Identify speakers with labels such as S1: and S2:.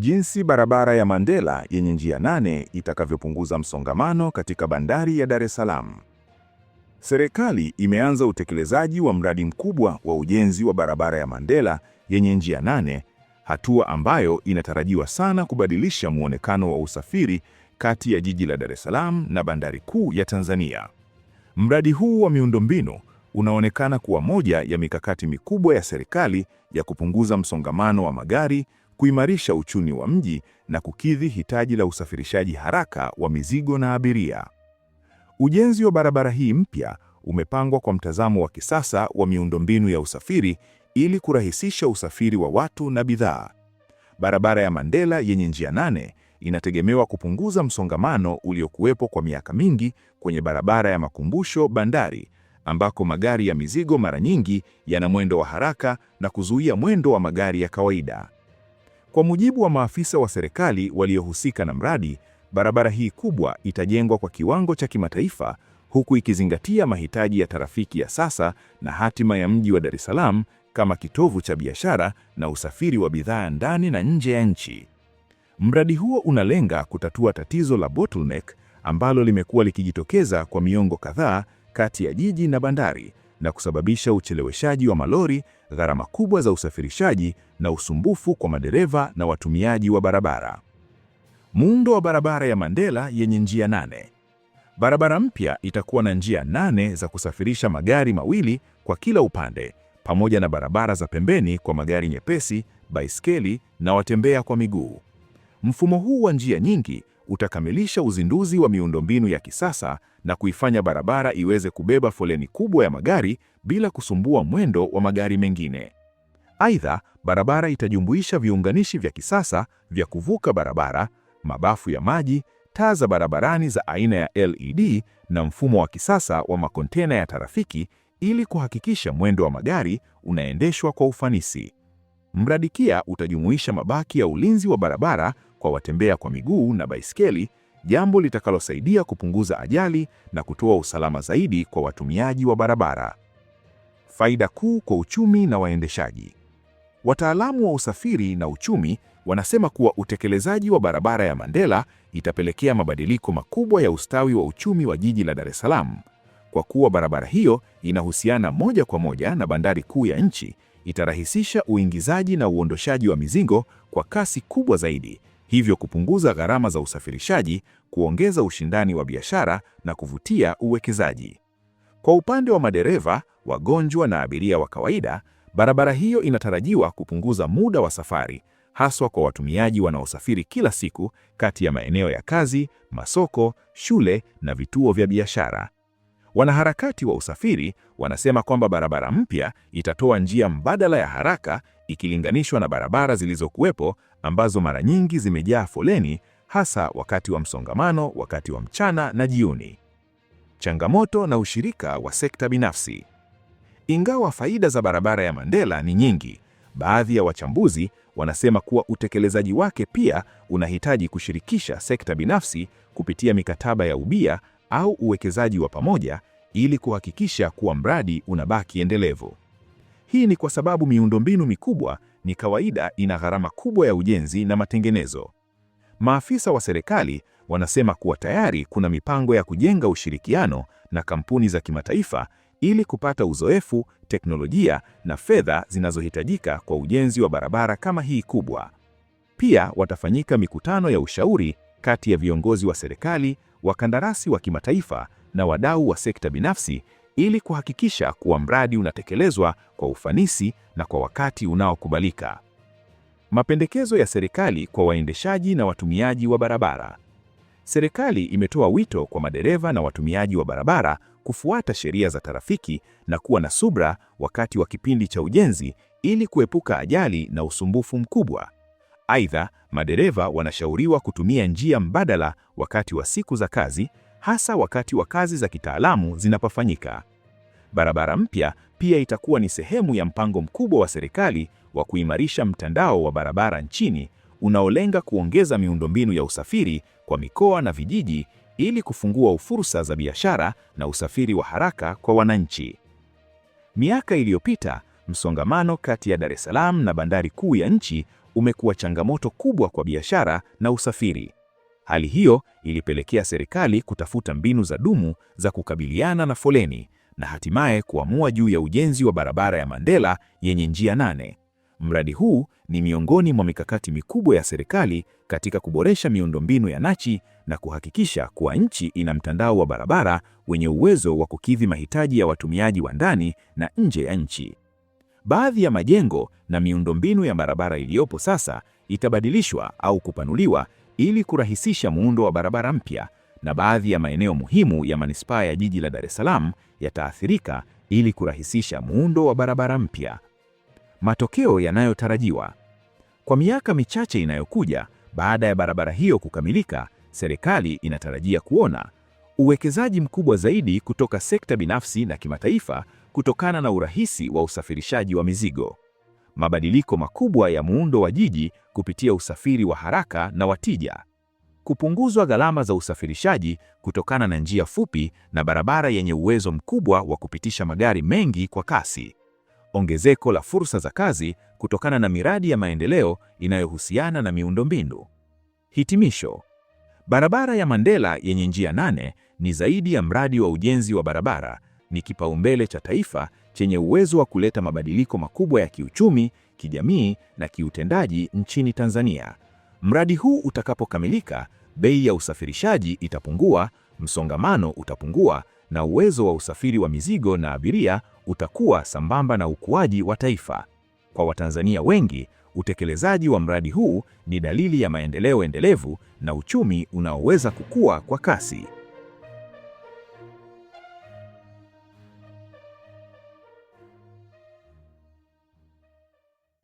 S1: jinsi barabara ya Mandela yenye njia nane itakavyopunguza msongamano katika bandari ya Dar es Salaam. Serikali imeanza utekelezaji wa mradi mkubwa wa ujenzi wa barabara ya Mandela yenye njia nane, hatua ambayo inatarajiwa sana kubadilisha muonekano wa usafiri kati ya jiji la Dar es Salaam na bandari kuu ya Tanzania. Mradi huu wa miundombinu unaonekana kuwa moja ya mikakati mikubwa ya serikali ya kupunguza msongamano wa magari kuimarisha uchumi wa mji na kukidhi hitaji la usafirishaji haraka wa mizigo na abiria. Ujenzi wa barabara hii mpya umepangwa kwa mtazamo wa kisasa wa miundombinu ya usafiri ili kurahisisha usafiri wa watu na bidhaa. Barabara ya Mandela yenye njia nane inategemewa kupunguza msongamano uliokuwepo kwa miaka mingi kwenye barabara ya Makumbusho Bandari, ambako magari ya mizigo mara nyingi yana mwendo wa haraka na kuzuia mwendo wa magari ya kawaida. Kwa mujibu wa maafisa wa serikali waliohusika na mradi, barabara hii kubwa itajengwa kwa kiwango cha kimataifa huku ikizingatia mahitaji ya trafiki ya sasa na hatima ya mji wa Dar es Salaam kama kitovu cha biashara na usafiri wa bidhaa ndani na nje ya nchi. Mradi huo unalenga kutatua tatizo la bottleneck ambalo limekuwa likijitokeza kwa miongo kadhaa kati ya jiji na bandari na kusababisha ucheleweshaji wa malori, gharama kubwa za usafirishaji na usumbufu kwa madereva na watumiaji wa barabara. Muundo wa barabara ya Mandela yenye njia nane. Barabara mpya itakuwa na njia nane za kusafirisha magari mawili kwa kila upande, pamoja na barabara za pembeni kwa magari nyepesi, baiskeli na watembea kwa miguu. Mfumo huu wa njia nyingi utakamilisha uzinduzi wa miundombinu ya kisasa na kuifanya barabara iweze kubeba foleni kubwa ya magari bila kusumbua mwendo wa magari mengine. Aidha, barabara itajumuisha viunganishi vya kisasa vya kuvuka barabara, mabafu ya maji, taa za barabarani za aina ya LED na mfumo wa kisasa wa makontena ya trafiki ili kuhakikisha mwendo wa magari unaendeshwa kwa ufanisi. Mradi KIA utajumuisha mabaki ya ulinzi wa barabara kwa watembea kwa miguu na baiskeli, jambo litakalosaidia kupunguza ajali na kutoa usalama zaidi kwa watumiaji wa barabara. Faida kuu kwa uchumi na waendeshaji. Wataalamu wa usafiri na uchumi wanasema kuwa utekelezaji wa barabara ya Mandela itapelekea mabadiliko makubwa ya ustawi wa uchumi wa jiji la Dar es Salaam. Kwa kuwa barabara hiyo inahusiana moja kwa moja na bandari kuu ya nchi, itarahisisha uingizaji na uondoshaji wa mizigo kwa kasi kubwa zaidi, hivyo kupunguza gharama za usafirishaji, kuongeza ushindani wa biashara na kuvutia uwekezaji. Kwa upande wa madereva, wagonjwa na abiria wa kawaida, barabara hiyo inatarajiwa kupunguza muda wa safari, haswa kwa watumiaji wanaosafiri kila siku kati ya maeneo ya kazi, masoko, shule na vituo vya biashara. Wanaharakati wa usafiri wanasema kwamba barabara mpya itatoa njia mbadala ya haraka ikilinganishwa na barabara zilizokuwepo ambazo mara nyingi zimejaa foleni, hasa wakati wa msongamano, wakati wa mchana na jioni. Changamoto na ushirika wa sekta binafsi. Ingawa faida za barabara ya Mandela ni nyingi, baadhi ya wachambuzi wanasema kuwa utekelezaji wake pia unahitaji kushirikisha sekta binafsi kupitia mikataba ya ubia au uwekezaji wa pamoja ili kuhakikisha kuwa mradi unabaki endelevu. Hii ni kwa sababu miundombinu mikubwa ni kawaida ina gharama kubwa ya ujenzi na matengenezo. Maafisa wa serikali wanasema kuwa tayari kuna mipango ya kujenga ushirikiano na kampuni za kimataifa ili kupata uzoefu, teknolojia na fedha zinazohitajika kwa ujenzi wa barabara kama hii kubwa. Pia watafanyika mikutano ya ushauri kati ya viongozi wa serikali, wakandarasi wa kimataifa na wadau wa sekta binafsi ili kuhakikisha kuwa mradi unatekelezwa kwa ufanisi na kwa wakati unaokubalika. Mapendekezo ya serikali kwa waendeshaji na watumiaji wa barabara. Serikali imetoa wito kwa madereva na watumiaji wa barabara kufuata sheria za trafiki na kuwa na subra wakati wa kipindi cha ujenzi ili kuepuka ajali na usumbufu mkubwa. Aidha, madereva wanashauriwa kutumia njia mbadala wakati wa siku za kazi hasa wakati wa kazi za kitaalamu zinapofanyika. Barabara mpya pia itakuwa ni sehemu ya mpango mkubwa wa serikali wa kuimarisha mtandao wa barabara nchini unaolenga kuongeza miundombinu ya usafiri kwa mikoa na vijiji ili kufungua fursa za biashara na usafiri wa haraka kwa wananchi. Miaka iliyopita, msongamano kati ya Dar es Salaam na bandari kuu ya nchi umekuwa changamoto kubwa kwa biashara na usafiri. Hali hiyo ilipelekea serikali kutafuta mbinu za dumu za kukabiliana na foleni na hatimaye kuamua juu ya ujenzi wa barabara ya Mandela yenye njia nane. Mradi huu ni miongoni mwa mikakati mikubwa ya serikali katika kuboresha miundombinu ya Nachi na kuhakikisha kuwa nchi ina mtandao wa barabara wenye uwezo wa kukidhi mahitaji ya watumiaji wa ndani na nje ya nchi. Baadhi ya majengo na miundombinu ya barabara iliyopo sasa itabadilishwa au kupanuliwa ili kurahisisha muundo wa barabara mpya, na baadhi ya maeneo muhimu ya manispaa ya jiji la Dar es Salaam yataathirika ili kurahisisha muundo wa barabara mpya. Matokeo yanayotarajiwa kwa miaka michache inayokuja baada ya barabara hiyo kukamilika, serikali inatarajia kuona uwekezaji mkubwa zaidi kutoka sekta binafsi na kimataifa kutokana na urahisi wa usafirishaji wa mizigo mabadiliko makubwa ya muundo wa jiji kupitia usafiri wa haraka na watija, kupunguzwa gharama za usafirishaji kutokana na njia fupi na barabara yenye uwezo mkubwa wa kupitisha magari mengi kwa kasi, ongezeko la fursa za kazi kutokana na miradi ya maendeleo inayohusiana na miundombinu. Hitimisho, barabara ya Mandela yenye njia nane ni zaidi ya mradi wa ujenzi wa barabara, ni kipaumbele cha taifa chenye uwezo wa kuleta mabadiliko makubwa ya kiuchumi, kijamii na kiutendaji nchini Tanzania. Mradi huu utakapokamilika, bei ya usafirishaji itapungua, msongamano utapungua na uwezo wa usafiri wa mizigo na abiria utakuwa sambamba na ukuaji wa taifa. Kwa Watanzania wengi, utekelezaji wa mradi huu ni dalili ya maendeleo endelevu na uchumi unaoweza kukua kwa kasi.